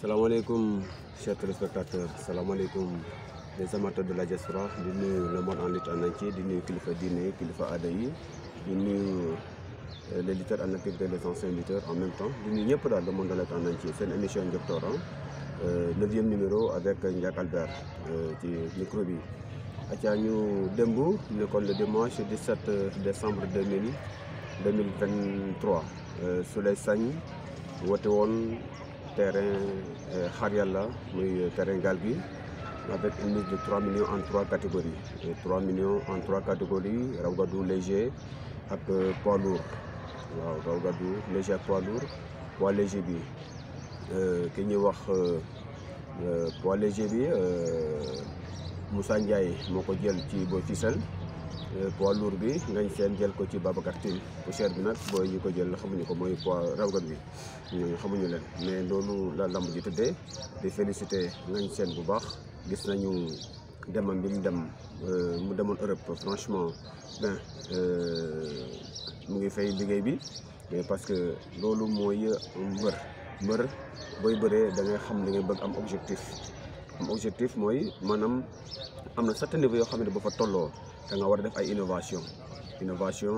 salaamaaleykum chers téléspectateurs salaamaaleykum les amateurs de la diaspora di nuyu le monde en lutte en entier di nuyu kilifa diine kilifa aada yi di nuyu euh, les lutteurs en activité les anciens lutteurs en même temps di nuyu ñëpp daal le monde de la lutte en entier seen émission Joktor euh, neuvième numéro avec Ndiack Albert euh, ci micro bi. acca ñu démb nekkoon le dimanche 17 décembre 2000 2023 Souley Sagne woote woon. terrain euh, Xar euh, terrain Galbi, avec une mise de 3 millions en 3 catégories 3 euh, millions en 3 catégories Rawgadou, léger ak poids lourd waaw léger poids lourd poids léger bi ki wax poids léger bi Moussa Ndiaye est jël Euh, poids lourd bi ngañ seen jël ko ci Babacar Tine bu cher bi nag booy ñu ko jël xamuñu ko mooy poids rawgan bi ñooñu xamuñu leen mais loolu la lamb ji tuddee di félicité ngañ seen bu baax gis nañu demam bi mu dem euh, mu demoon Europe franchement euh, mu ngi fay liggéey bi mais parce que loolu mooy mbër mbër booy bëree da ngay xam li ngay bëgg am objectif am objectif mooy maanaam am na certain niveau yoo xam ne fa tolloo da nga war a def ay innovation innovation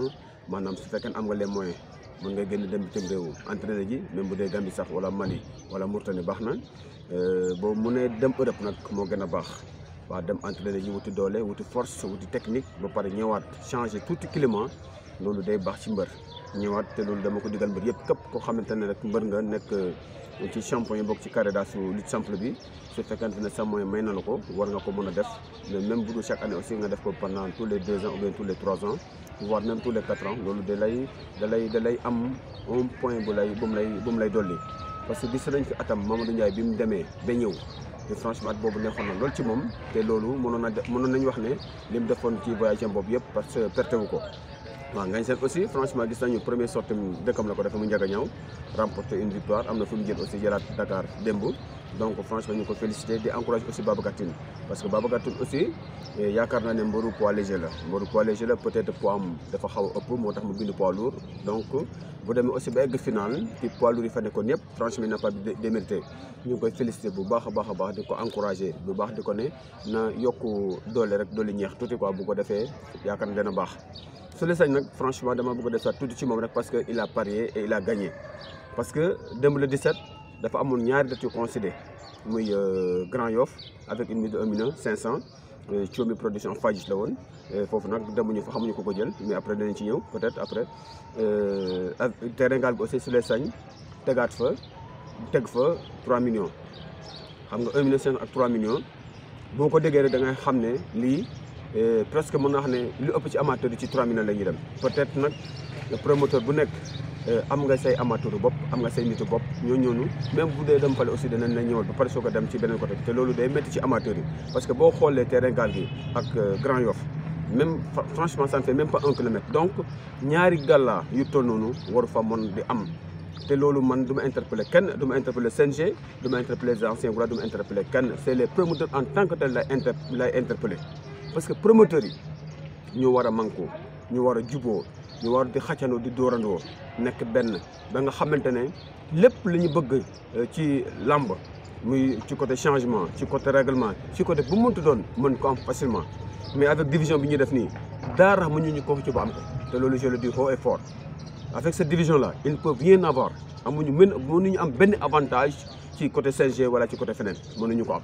maanaam su fekkee am nga les moyens mun nga génn dem bitim réew entraîné ji même bu dee Gambie sax wala Mali wala Mauritanie baax na euh, boo mënee dem Europe nag moo gën a baax waaw dem entraîné ji wuti doole wuti force wuti technique ba pare ñëwaat changer tuuti climat loolu day baax ci mbër ñëwaat te loolu dama ko digal mbër yëpp képp koo xamante ne rek mbër nga nekk. ci champion yi bokk ci candidature lutte simple bi su fekkente ne sa moyen may na la ko war nga ko mën a def mais même bu dul chaque année aussi nga def ko pendant tous les deux ans ou bien tous les trois ans voire même tous les quatre ans loolu da lay da lay da lay am un point bu lay bu mu lay bu mu lay dolli. parce que gis nañ fi atam Mamadou Ndiaye bi mu demee ba ñëw te franchement at boobu neexoon na lool ci moom te loolu mënoon na mënoon nañ wax ne li mu defoon ci voyage am boobu yëpp parce que perte wu ko. waaw Ngagne Sène aussi franchement gis nañu premier sortie dëkkam la ko defee mu njëkk a ñëw remporté une victoire am na fu mu jël aussi jëlaat Dakar démb. donc franchement ñu ko félicité di aussi Babacar Tine parce que Babacar Tine aussi eh, yaakaar naa ne mbaru poids léger la mbaru poids léger la peut-être poids am dafa xaw a ëpp moo tax bind poids lourd donc bu demee aussi ba egg final ci poids lourd yi fa nekkoon yëpp franchement n'a pas démérité ñu ngi koy félicité bu baax a baax a baax di ko encouragé bu baax di ko ne na yokku doole rek doole ñeex tuuti quoi bu ko defee yaakaar na gën a baax su le sañ nag franchement dama bëgg a defaat tuuti ci moom rek parce que il a parié et il a gagné parce que démb le 17 dafa amoon ñaari dates yu considérées muy euh, Grand Yoff avec une mise de 1 million 500 euh, Thiomi production fajis la woon euh, foofu nag demuñu fa xamuñu ko ko jël mais après dañ ci ñëw peut-être après terrain gaal gi aussi sur les sagne tegat fa teg fa 3 millions xam nga 1 million 500 ak 3 millions boko ko rek da ngay xamné li euh presque mëna naa xam lu ëpp ci amateur ci 3 millions la ñuy dem peut-être nak le promoteur bu nek euh, am nga say amateur bop am nga say nitu bop ñoo ñoonu même bu dee dem fale aussi dañ la ñëwal ba paré soko dem ci benen côté té lolu day metti ci amateur yi parce que bo xolé terrain gaal gi ak euh, Grand Yoff même franchement ça ne fait même pas 1 km donc ñaari gala yu tonnonu war fa mon di am té lolu man duma interpeller interpellé duma interpeller CNG duma interpeller les anciens wala duma interpeller interpellé c'est les promoteurs en tant que tel la interpeller parce que promoteurs yi ñu wara manko ñu wara a ñu war di xàccandoo di dorando nek ben ba nga xamantene lepp liñu bëgg euh, ci lamb muy ci côté changement ci côté règlement ci côté bu mëntu doon mën ko am facilement mais avec division bi ñuy def ni dara ñu ko ci ba am ko te je le dis haut et fort avec cette division là ils ne peuvent rien avoir amuñu mënu ñu am ben avantage ci côté CG wala ci côté mënu ñu ko am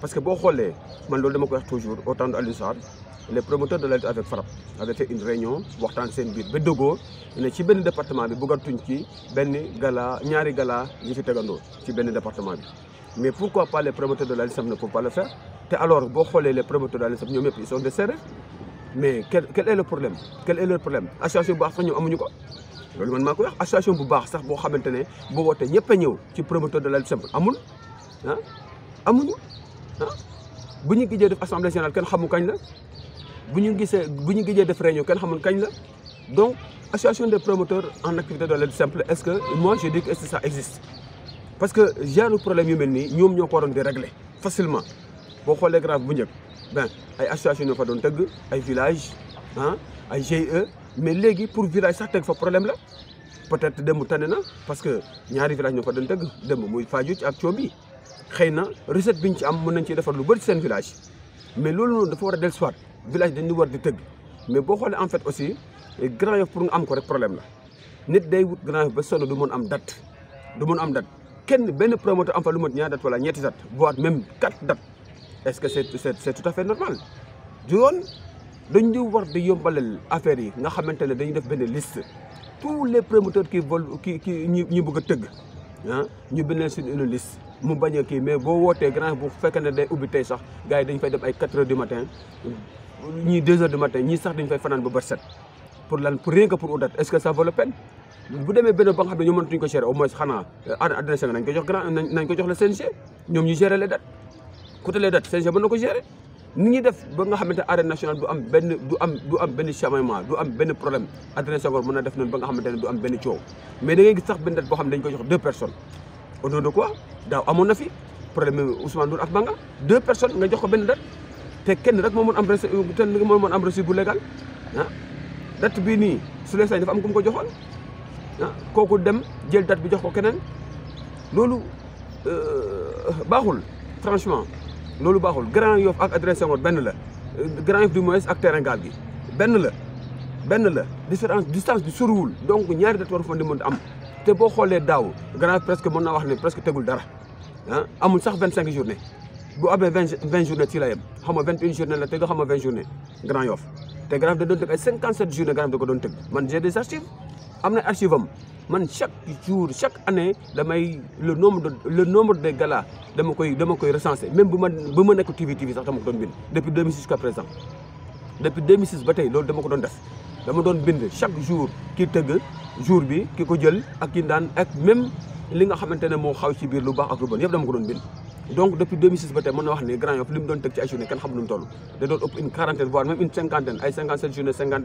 parce que bon, toujours, au temps de les promoteurs de la lutte avec FRAP avaient fait une réunion, waxtaan seen biir ba Dogo, ne ci benn département bi bëggatuñ ci benn gala ñaari gala ñu fi tegandoo ci benn département bi. mais pourquoi pas les promoteurs de la lutte ne peuvent pas le faire te alors boo xoolee les promoteurs de la lutte ñoom yëpp ils sont des mais quel quel est le problème quel est leur problème association bu baax sax ñoom amuñu ko. loolu man maa wax association bu baax sax boo xamante ne bu wootee ñëw ci promoteur de la lutte amul ah amuñu. Si def générale donc l'Association des promoteurs en activité de l'aide simple est-ce que moi je dis que ça existe parce que un problème yu problème régler facilement Pourquoi les grave ben association village hein, e, mais pour pour village problème peut-être parce que ñaari village ñoo des villages xëy na recette bi ñu ci am mën nañ ci defar lu bari seen village mais loolu noonu dafa war a dellusiwaat village dañu war di tëgg mais boo xoolee en fait aussi Grand Yoff pour nga am ko rek problème la nit day wut Grand Yoff ba sonn du mën am date du mën am date kenn benn promoteur am fa lu mat ñaari date wala ñetti date voire même quatre date est-ce que c'est c'est tout à fait normal du yoon dañu war di yombalal affaire yi nga xamante ne dañuy def benn liste tous les promoteurs qui veulent qui qui ñi bugg a tëgg ah ñu beneen suñu une liste mu bañ a mais bo woté grand bu fekkee ne day ubbi tey sax gaay dañ fay def ay 4 h du matin ñi 2 h du matin ñi sax dañ fay fanaan ba bët pour lan pour rien que pour odat est ce que ça vaut la peine bu démé benn ba nga xam ñu mënatuñ ko gérer au moins xanaa adressé nañ ko jox grand nañ ko jox le CNG ñom ñu géré les dates côté les dates CNG mën ko géré ni ñi def ba nga xamante arène nationale du am benn du am du am benn chamaillement du am benn problème adressé gor mëna def noonu ba nga xamante du am benn coow mais da ngay gis sax benn date boo xam dañ ko jox deux personnes au nom de quoi daw amona fi problème Ousmane Dour ak Banga deux personnes nga jox ko benn date te kenn rek mo eh, mon am reçu mo mon am reçu bu légal hein date bi ni Souley Sagne dafa am kum ko joxone hein koku dem jël date bi jox ko kenen lolu euh baxul franchement lolu baxul grand yof ak adresse ngot benn la eh, grand yof du moins ak terrain gal gi benn la benn la différence distance bi surwul donc ñaari date war fondi mon am Si vous regardez les DAO, le Ghana presque peut dire presque pas d'argent. hein n'y a 25 journées. Si vous avez 20 journées, il y a 21 journées, il y a 20 journées. Le Ghana Yoff. Le de Yoff a 57 journées. Moi, j'ai des man J'ai des archives. man chaque jour, chaque année, le nombre le nombre de galas, je l'ai recensé. Même si je n'ai pas de TV, depuis 2006 jusqu'à présent. Depuis 2006, c'est ce que j'ai fait dama doon bind chaque jour ki tëgg jour bi ki ko ak ki même li nga xaw ci lu ak bon donc depuis 2006 ba tey wax Grand jour, li mu journée kenn xam une quarantaine voire même une cinquantaine ay 57 50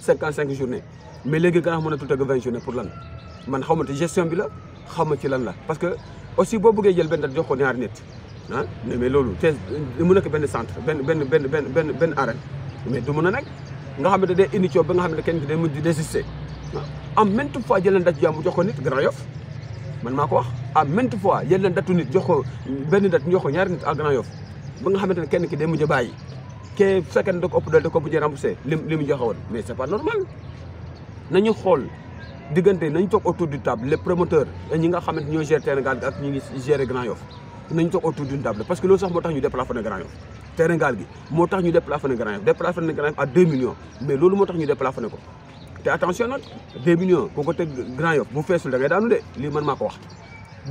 55 mais léegi Grand na tout 20 pour man gestion bi la ci parce que aussi boo bëggee jël benn jox ko mais te centre mais du nga xamne day initio ba nga xamne kenn ki day mujj désister am mentu fois jël na dat jamm jox ko nit grand man mako wax am mentu fois jël na datu nit jox ko ben dat jox ko ñaar nit al grand yof ba nga xamne kenn ki day mujj bayyi ke fekkan da ko dal da ko mujj rambousé lim lim joxawon mais c'est pas normal nañu xol digënté nañ tok autour du table les promoteurs ñi nga xamne ñoo gérer terrain ak ñi gérer grand nañ toog autour d'une table parce que loolu sax moo tax ñu déplafonné Grand Yoff terrain gaal gi moo tax millions mais loolu moo tax ñu déplafonné ko te attention millions ku ko teg Grand Yoff bu feesul da ngay daanu de lii man maa ko wax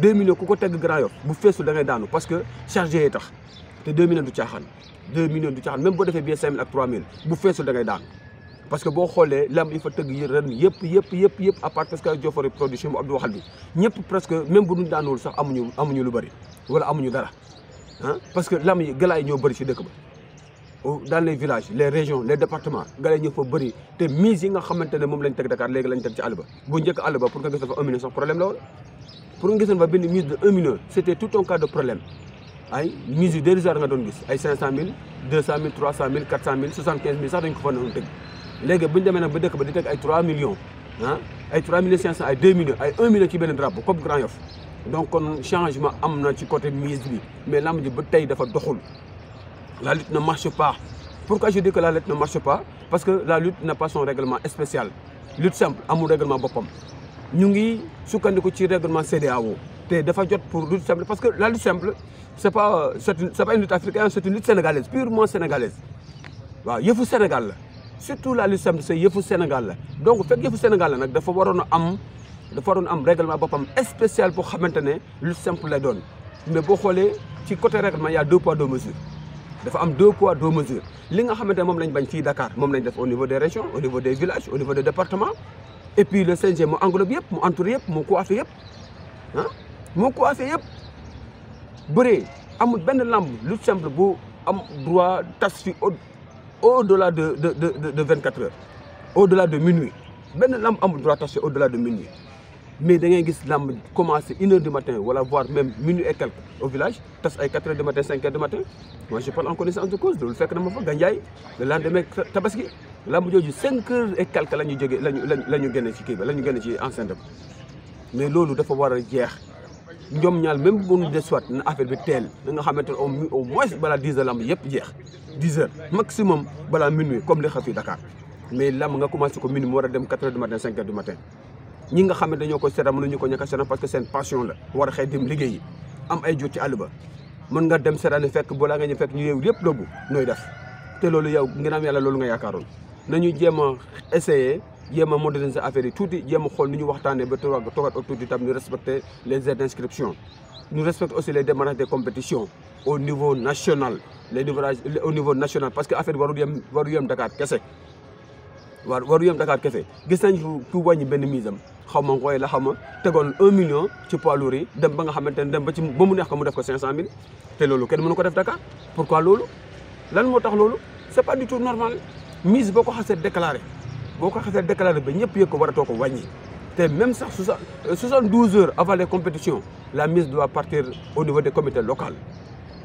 2 millions ku ko teg Grand Yoff bu feesul da ngay daanu parce que chargé yi tax te 2 millions du caaxaan 2 millions du caaxaan même boo defee billet 5000 ak 3000 bu feesul da daanu parce que boo xoolee yëpp yëpp yëpp yëpp à part parce que Jofori production bu Abdou waxal sax amuñu amuñu lu bëri Hein? Parce que là, il y a des dans les villages, les régions, les départements, il y a des gens qui ont été mis en de Si Alba, pour un problème. Pour que vous une mise de 1 million, c'était tout un cas de problème. Une mise de 500 000, 200 000, 300 000, 400 000, 75 000, ça, c'est ce qu'on a fait. Les gens qui ont 3 millions, 3 500 2 millions, 1 million qui ont été drapeau, comme grand donc on changement am du ci côté mise bi mais de ji ba faire dafa la lutte ne marche pas pourquoi je dis que la lutte ne marche pas parce que la lutte n'a pas son règlement spécial lutte simple amul règlement boppam ñu ngi sukkandiku ci règlement CEDEAO te dafa jot pour lutte simple parce que la lutte simple c'est pas pas une lutte africaine c'est une lutte sénégalaise purement sénégalaise waaw yëfu Sénégal surtout la lutte simple c'est yëfu Sénégal la donc fekk yëfu Sénégal la faut dafa waroon il faut un règlement spécial pour maintenir simple mais pour côté y a deux poids deux mesures y a deux poids deux mesures Ce que Dakar au niveau des régions au niveau des villages au niveau des départements et puis le CNG mon englobe mon entouré coiffé Hein? coiffé simple droit au delà de de heures au delà de minuit droit au delà de minuit. Mais vous voyez commence à 1h du matin, voir même minuit et quelques au village, à 4h du matin, 5h du matin. Moi, je parle en connaissance de cause. Je fait que je suis venu, le lendemain, Tabaski, la lame 5h et quelques, nous sommes venus en enceinte. Mais ce qui avoir une guerre. Nous même si nous avons des tels, telle, nous avons au moins 10 lames, 10 h maximum, minuit, comme les de Dakar. Mais l'homme, commence à commencé au minimum 4h du matin, 5h du matin. ñi nga xam ne dañoo ko seetaan mënuñu ko ñàkk a seetaan parce que seen passion la war a xëy dem am ay jur ci àll ba nga dem seetaan fekk balaa nga ñu fekk ñu yeew yëpp loobu nooy def te loolu yow ngir am yàlla loolu nga yaakaaroon nañu jéem a essayer jéem a moderniser tuuti jéem xool nu ñu waxtaanee ba toogaat toogaat ak tuuti tam ñu respecter les inscriptions ñu respecter aussi les démarrages des compétitions au niveau national les démarrages niveau national parce que affaire waru yem waru war waru yem Dakar kese gis nañ ku wàññi ben mise am xaw ma ngooy la xaw ma 1 million ci poids lourds yi dem ba nga xamante dem ba ci ba mu neex ko mu def ko cinq cent mille te loolu mënu ko def Dakar pourquoi lolu lan mo tax lolu c'est pas du tout normal mise boo ko déclarer déclaré boo déclarer ba ñëpp yëg ko waratoo ko wàññi te même sax 72 heures avant les compétitions la mise doit partir au niveau des comités locaux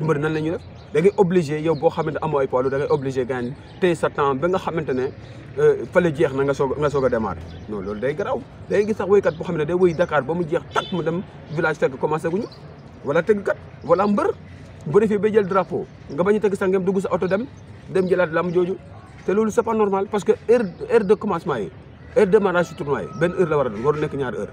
mbër nan la ñuy def da ngay obligé yow boo xamante amoo ay poids lourd da ngay tey sa temps ba nga xamante ne euh, fële jeex na nga soog nga soog a démarré non loolu day garaaw da sax woykat boo xam ne day woy Dakar ba mu jeex tak mu dem village fekk commencé guñu wala tëggkat wala mbër bu defee ba jël drapeau nga bañ a tëgg sangam dugg sa oto dem dem jëlaat lam jooju te loolu c'est pas normal parce que heure heure de commencement yi heure de démarrage tournoi yi benn heure la war a doon waru nekk ñaar heure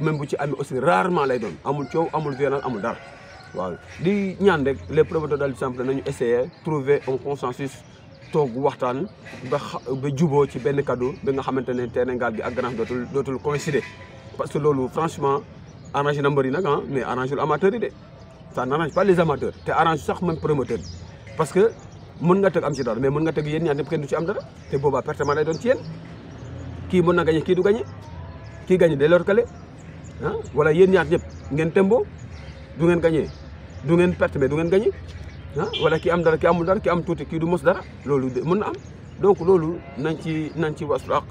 même bu ci aussi rarement lay donne amul ciow amul violence amul dar waaw di ñaan rek les promoteurs dal lutte simple nañu essayer trouver un consensus tok waxtaan ba ba juboo ci ben cadeau bi nga xamantene ne Sénégal gi ak Grand dotul dotul coïncider parce que lolu franchement arrangé na mbër yi ah, mais arrangé lu dé ça n'arrange pas les amateurs té arrange sax même promoteur parce que mën nga teg am ci dara mais mën nga teg yeen ñaan ñëpp kenn du ci am dara té boba pertement lay doon ci yeen ki mën na gagner ki du gagner ki gagne, day lor Ha? wala yeen ñaar ñep ngeen tembo du ngeen gagné du ngeen perte mais du ngeen gagné ha? wala ki am dara ki amul dara ki am tuti ki du mos dara lolu mën na am donc lolu nañ ci nañ ci wasu ak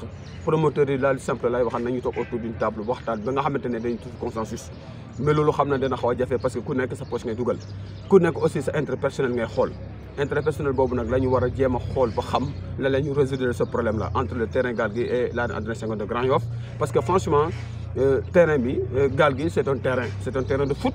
promoteur yi lal simple lay waxal nañu tok autour d'une table waxtaan ba nga xamantene dañ tuti consensus mais lolu xamna dina xawa jafé parce que ku nekk sa poche ngay dugal ku nekk aussi sa interpersonnel ngay xol Entre personnel boobu nag la ñu war ba xam la résoudre ce problème là entre le terrain Galgui et l'adresse de Grand parce que franchement euh, terrain bi euh, Galgui c'est un terrain c'est un terrain de foot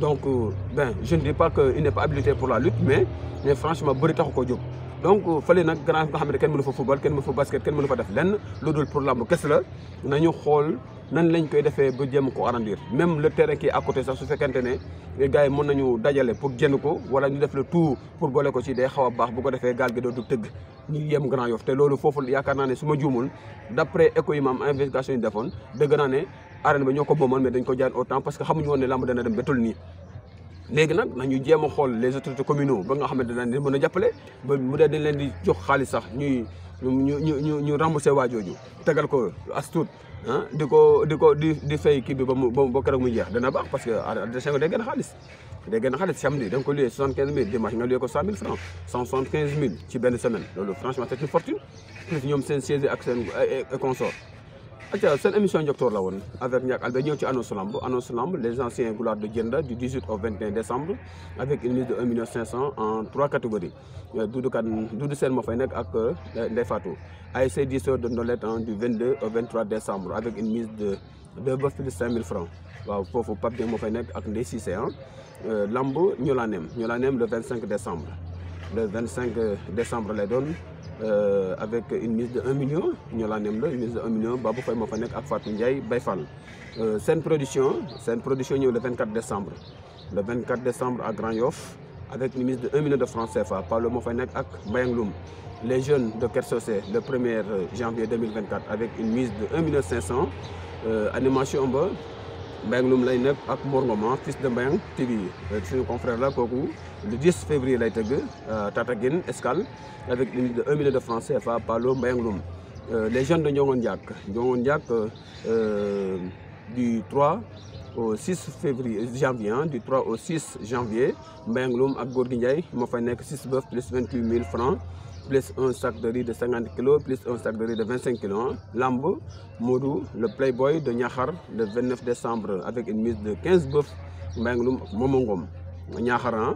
donc euh, ben je ne dis pas qu'il n'est pas habilité pour la lutte mais mais franchement il taxuko ko donc euh, fële nak grand nga xam kenn mënu fa football kenn mënu fa basket kenn mënu fa def lenn lu dul pour lamb kese la nañu xol nan lañ koy défé bu jëm ko arrondir même le terrain qui est à côté sax su fekkente ne eh, gars yi mën nañu dajale pour jenn ko wala ñu def le tout pour bolé ko ci day xawa bax bu ko defee gaal gi du teug ñu yëm Grand yof té loolu fofu yaakaar na né suma ma d'après d' après écho yi investigation yi defoon dëgg naa ne arène ba ñoko ko mais dañ ko jaan autant parce que xamuñu woon ne lamb dana dem ba toll nii léegi nag nañu jéem xol les autorités communaux ba nga xamante ne dañ mën ba mu dee dañ leen di jox xaaliss sax ñuy ñu ñu ñu ñu remboursé waa jooju tegal ko astout hein ah, diko diko di di fay kii bi ba mu ba keroog mu jeex dana bax parce que Arsenal day gën xaaliss xaalis. day gën a samedi da ko luyee 75000 quinze mille dimanche nga luyee ko 100000 francs 175000 ci ben semaine loolu franchement c'est une fortune plus ñoom seen siège ak sen consort c'est une émission Njoktoor la avec annonce les anciens goulards de Genda du 18 au 21 euh, euh, décembre avec une mise de 1 million 500 en trois catégories Doudou Kane Doudou Sène fay les Fatou de Nolet du 22 au 23 décembre avec une mise de de 000 francs pour foofu Pape de moo fay les ak Lambo, Cissé Lanem, hein. euh, lamb Lanem le 25 décembre le 25 décembre les donnes euh, avec une mise de 1 million nous une mise de 1 million Babou Fay Mofanek ak Fatou Ndiaye euh, production c'est production scène production le 24 décembre le 24 décembre à Grand avec une mise de 1 million de francs CFA par le fay ak les jeunes de Kersosé le 1er euh, janvier 2024 avec une mise de 1 million 500 animation Bengloum lay nek ak Mor ah, fils de Mbayang TV euh, suñu confrère là le 10 février lay euh, Tata Tataguine Escale avec une de 1 million de francs CFA Palo Mbayang Loum euh, les jeunes de Ndiogone Ndiak du 3 au 6 février janvier hein, du 3 au 6 janvier Mbayang ak Gorgui Ndiaye moo fay 6 bœuf plus 28 000 francs plus un sac de riz de 50 kg, plus un sac de riz de 25 kg. Lambo, Mourou, le Playboy de Niakhar le 29 décembre avec une mise de 15 bœufs, Momongom. Hein,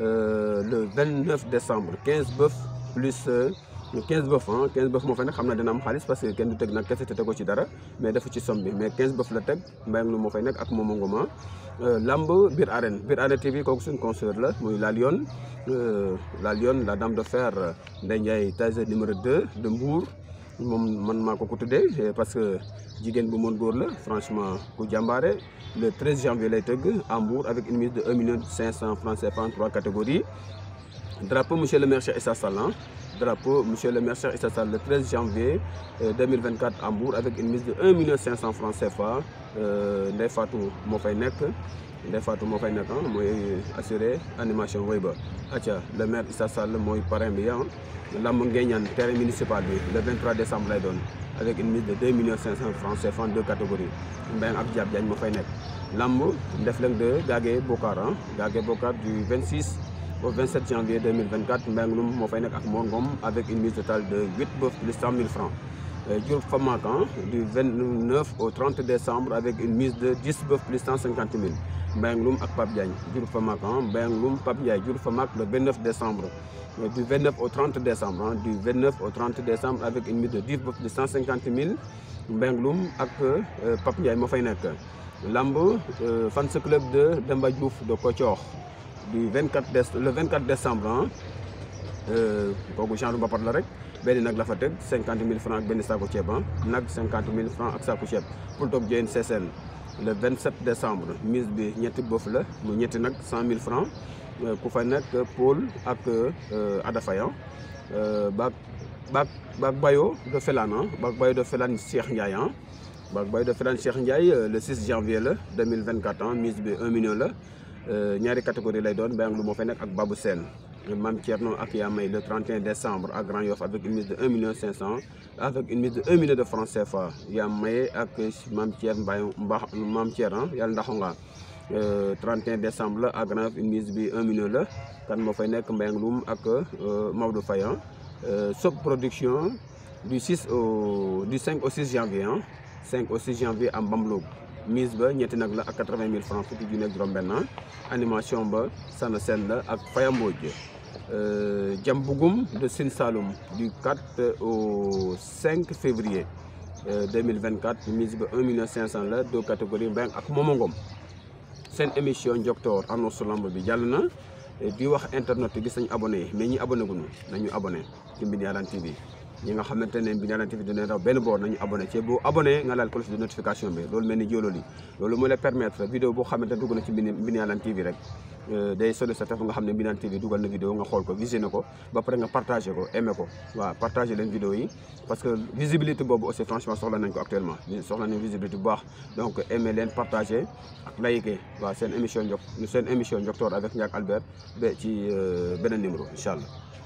euh, le 29 décembre, 15 bœufs plus. Euh, 15 bœufs, 15 hein, bëf moo sais nekk xam na dina am xaalis parce que kenn du teg nag kese te ci dara mais defu ci somme mais 15 bëf la teg mbayam lu moo fay nekk ak Momo Ngom ah. Euh, Lamb biir arène arène TV kooku suñu consoeur la muy la Lionne euh, la Lion, la dame de fer Ndeye Taise, numéro 2 de Mbour. moom man maa ko ko parce que jigéen bu mën la franchement ku jambaré le 13 janvier lay tëgg à Mbour avec une mise de 1 million 500 francs CFA en trois catégories drapeau monsieur le maire Cheikh Salan. Hein drapeau, M. le maire Cheikh Issa le 13 janvier 2024 euh, à avec une mise de 1 500 francs CFA. Euh, Ndeye Fatou Fatou nous ah, assuré animation web. le maire Issa Sall mooy parrain bi l'a ah. lamb le terrain municipal le 23 décembre avec une mise de 2 500 francs CFA en deux catégories Bien, ak de Gagé Bokar ah. Gagé Bokar du 26 au 27 janvier 2024 je suis avec une mise totale de 8 bœufs plus 100 000 francs Jour euh, du 29 au 30 décembre avec une mise de 10 bœufs plus 150 000 ak le 29 décembre euh, du 29 au 30 décembre hein, du 29 au 30 décembre avec une mise de 10 bœufs plus 150 000 Benglum ak euh, Lambo, club de Demba de du 24 le 24 décembre hein. euh kooku genre mbapat la rek Ben nak la fa teg francs. mille franc ak benn saako ceeb ah nag cinquante mille franc ak saako ceeb pour toog jëyeen CSN le 27 décembre mise bi ñetti bëf la mu ñetti 100 000 francs. Pour euh, ku fa nekk Paul ak euh, Adafayan hein. euh, baak baak baak Bayo de Felane ah Bayo de Felane Cheikh Ndiaye hein baak Bayo de Felane Cheikh Ndiaye le 6 janvier 2024 ah mise bi 1 million là euh, ñaari catégorie lay doon le 31 décembre à Grand Yoff avec une mise de 1 million avec une mise de 1 million francs CFA ya maye ak tier Mbaye 31 euh, décembre à Grand une mise de 1 million fay euh, production du 6 au du 5 au 6 janvier 5 hein. au 6 janvier à Mbamloog mise ba ñetti nak la ak 80000 francs fukki junni ak juróom animation ba Sana sen la ak Faya Mbodj Diambougum euh, de Sine Saloum du 4 au 5 février 2024 euh, mise ba 1 million 500 la deux catégories Mbeng ak momongom sen émission Njoktoor annonce lamb bi jàll na di wax internet gis nañu abonné mais ñi abonné gu nañu abonné ci Mbine Yalane TV ñi nga xamante ne bi Ndinane TV dina daw ben boor nañu abonné ci bu abonné nga laal cloche de notification bi lolou melni ni jóolóol yi loolu moo lay permettre vidéo boo xamantene duguna ci bin ci Ndinane TV rek euh day solo sa taf nga xamné binan TV dugal na vidéo nga xol ko visé na ko ba pare nga partager ko aimé ko wa partager leen vidéo yi parce que visibilité bobu aussi franchement soxla nañ ko actuellement soxla nañ visibilité bu baax donc aimé leen partager ak liké wa seen émission njok seen émission Njoktoor avec ñak Albert ba ci euh, benen numéro inshallah